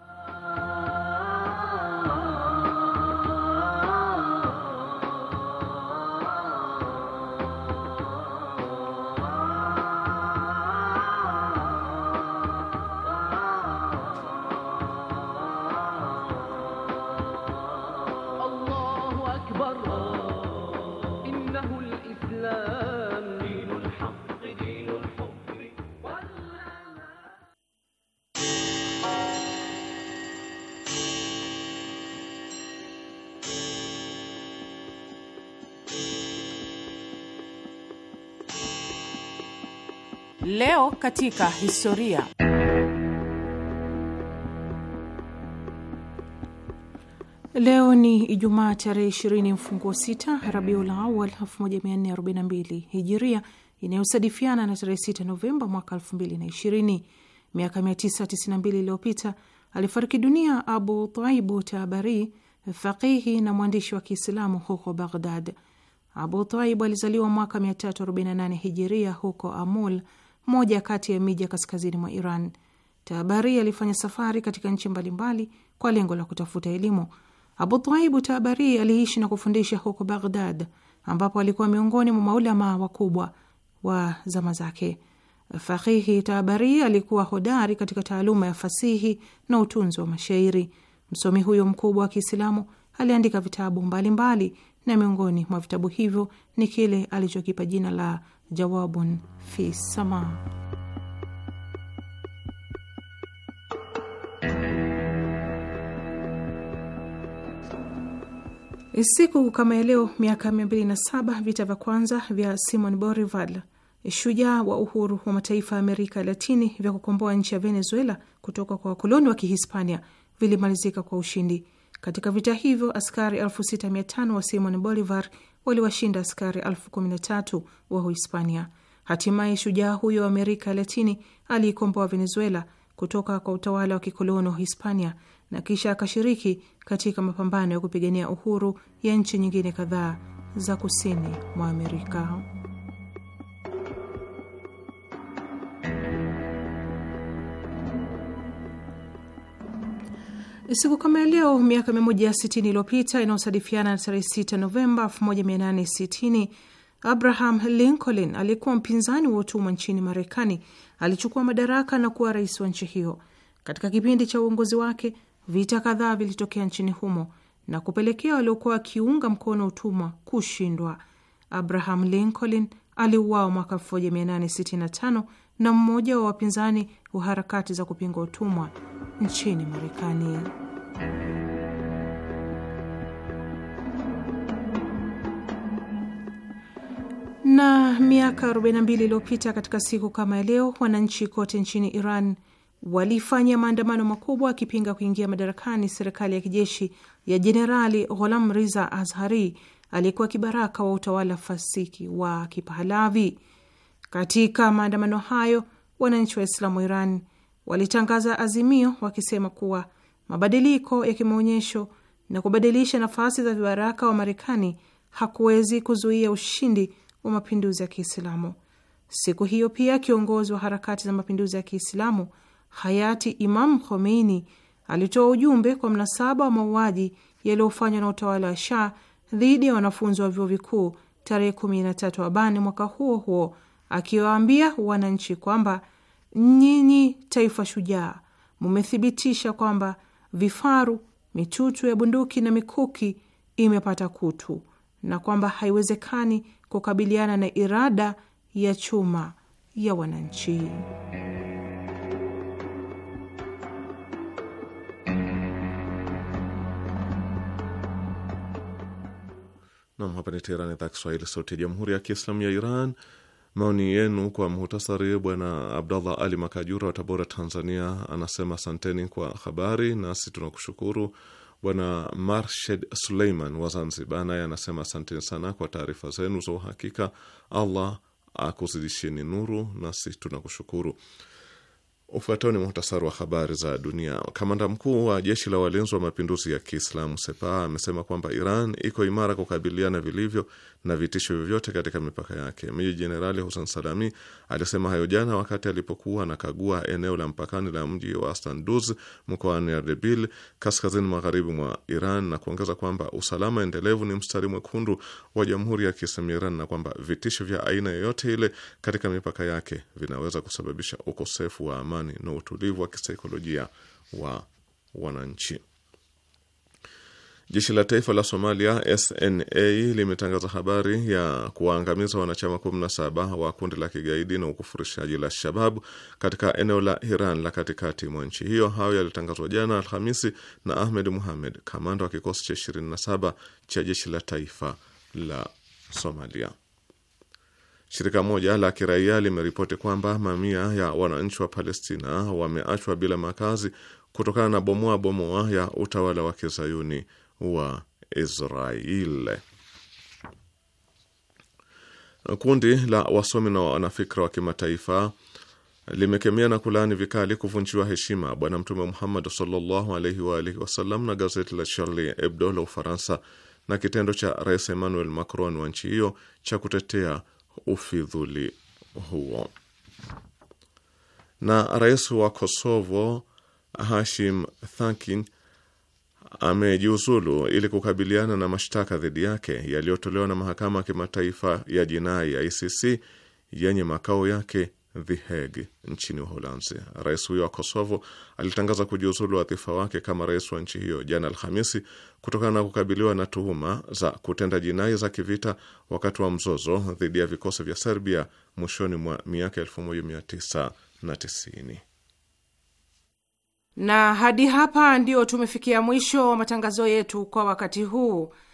Leo katika historia. Leo ni Ijumaa tarehe 20 mfunguo sita Rabiul Awal 1442 Hijiria, inayosadifiana na tarehe 6 Novemba mwaka ishirini. Miaka 992 iliyopita alifariki dunia Abu Taibu Tabari, faqihi na mwandishi wa Kiislamu huko Baghdad. Abu Taibu alizaliwa mwaka 348 Hijiria huko Amul moja kati ya miji ya kaskazini mwa Iran. Tabari alifanya safari katika nchi mbalimbali kwa lengo la kutafuta elimu. Abu Twaibu Tabari aliishi na kufundisha huko Baghdad, ambapo alikuwa miongoni mwa maulama wakubwa wa zama zake. Fakihi Tabari alikuwa hodari katika taaluma ya fasihi na utunzi wa mashairi. Msomi huyo mkubwa wa Kiislamu aliandika vitabu mbalimbali mbali, na miongoni mwa vitabu hivyo ni kile alichokipa jina la jawabun fi samaa. Siku kama ya leo miaka 27 vita vya kwanza vya Simon Bolivar, shujaa wa uhuru wa mataifa ya Amerika Latini, vya kukomboa nchi ya Venezuela kutoka kwa wakoloni wa Kihispania vilimalizika kwa ushindi. Katika vita hivyo, askari 65 wa Simon Bolivar waliwashinda askari elfu kumi na tatu wa Uhispania. Hatimaye shujaa huyo wa Amerika Latini aliikomboa Venezuela kutoka kwa utawala wa kikoloni wa Hispania na kisha akashiriki katika mapambano ya kupigania uhuru ya nchi nyingine kadhaa za kusini mwa Amerika. Siku kama leo miaka 160 iliyopita inayosadifiana na tarehe 6 Novemba 1860, Abraham Lincoln aliyekuwa mpinzani wa utumwa nchini Marekani alichukua madaraka na kuwa rais wa nchi hiyo. Katika kipindi cha uongozi wake, vita kadhaa vilitokea nchini humo na kupelekea waliokuwa wakiunga mkono utumwa kushindwa. Abraham Lincoln aliuawa mwaka 1865 na mmoja wa wapinzani wa harakati za kupinga utumwa nchini Marekani. Na miaka 42 iliyopita katika siku kama ya leo, wananchi kote nchini Iran walifanya maandamano makubwa akipinga kuingia madarakani serikali ya kijeshi ya Jenerali Gholam Riza Azhari aliyekuwa kibaraka wa utawala fasiki wa Kipahalavi. Katika maandamano hayo, wananchi wa Islamu wa Iran walitangaza azimio wakisema kuwa mabadiliko ya kimaonyesho na kubadilisha nafasi za vibaraka wa Marekani hakuwezi kuzuia ushindi wa mapinduzi ya Kiislamu. Siku hiyo pia kiongozi wa harakati za mapinduzi ya Kiislamu hayati Imam Khomeini alitoa ujumbe kwa mnasaba wa mauaji yaliyofanywa na utawala wa Shah dhidi ya wanafunzi wa vyuo vikuu tarehe 13 Abani mwaka huo huo akiwaambia wananchi kwamba nyinyi taifa shujaa, mumethibitisha kwamba vifaru, mitutu ya bunduki na mikuki imepata kutu na kwamba haiwezekani kukabiliana na irada ya chuma ya wananchi. Nam, hapa ni Teherani, idhaa Kiswahili, sauti ya jamhuri ya kiislamu ya Iran maoni yenu kwa muhtasari. Bwana Abdallah Ali Makajura wa Tabora, Tanzania, anasema asanteni kwa habari, nasi tunakushukuru. Bwana Marshed Suleiman wa Zanzibar naye anasema asanteni sana kwa taarifa zenu za uhakika. Allah akuzidishieni nuru, nasi tunakushukuru. Ufuatao ni muhtasari wa habari za dunia. Kamanda mkuu wa jeshi la walinzi wa mapinduzi ya Kiislamu sepa amesema kwamba Iran iko imara kukabiliana vilivyo na vitisho vyovyote katika mipaka yake. Meja Jenerali Hussein Salami alisema hayo jana wakati alipokuwa anakagua eneo la mpakani la mji wa Astanduz mkoani Ardebil, kaskazini magharibi mwa Iran, na kuongeza kwamba usalama endelevu ni mstari mwekundu wa Jamhuri ya Kiislamu ya Iran na kwamba vitisho vya aina yoyote ile katika mipaka yake vinaweza kusababisha ukosefu wa amani amani na utulivu wa kisaikolojia wa wananchi. Jeshi la taifa la Somalia SNA limetangaza habari ya kuwaangamiza wanachama 17 wa kundi la kigaidi na ukufurishaji la Shababu katika eneo la Hiran la katikati mwa nchi hiyo. Hayo yalitangazwa jana Alhamisi na Ahmed Muhamed, kamanda wa kikosi cha 27 cha jeshi la taifa la Somalia. Shirika moja la kiraia limeripoti kwamba mamia ya wananchi wa Palestina wameachwa bila makazi kutokana na bomoa bomoa ya utawala wa kizayuni wa Israel. Kundi la wasomi na wanafikra wa kimataifa limekemea na kulaani vikali kuvunjiwa heshima Bwana Mtume Muhammad sallallahu alaihi wa alihi wasallam na gazeti la Charlie Hebdo la Ufaransa na kitendo cha Rais Emmanuel Macron wa nchi hiyo cha kutetea ufidhuli huo. Na rais wa Kosovo Hashim thaki amejiuzulu ili kukabiliana na mashtaka dhidi yake yaliyotolewa na mahakama ya kimataifa ya jinai ya ICC yenye makao yake The Hague nchini Uholanzi. Rais huyo wa Kosovo alitangaza kujiuzulu wadhifa wake kama rais wa nchi hiyo jana Alhamisi kutokana na kukabiliwa na tuhuma za kutenda jinai za kivita wakati wa mzozo dhidi ya vikosi vya Serbia mwishoni mwa miaka 1990. Na hadi hapa ndio tumefikia mwisho wa matangazo yetu kwa wakati huu.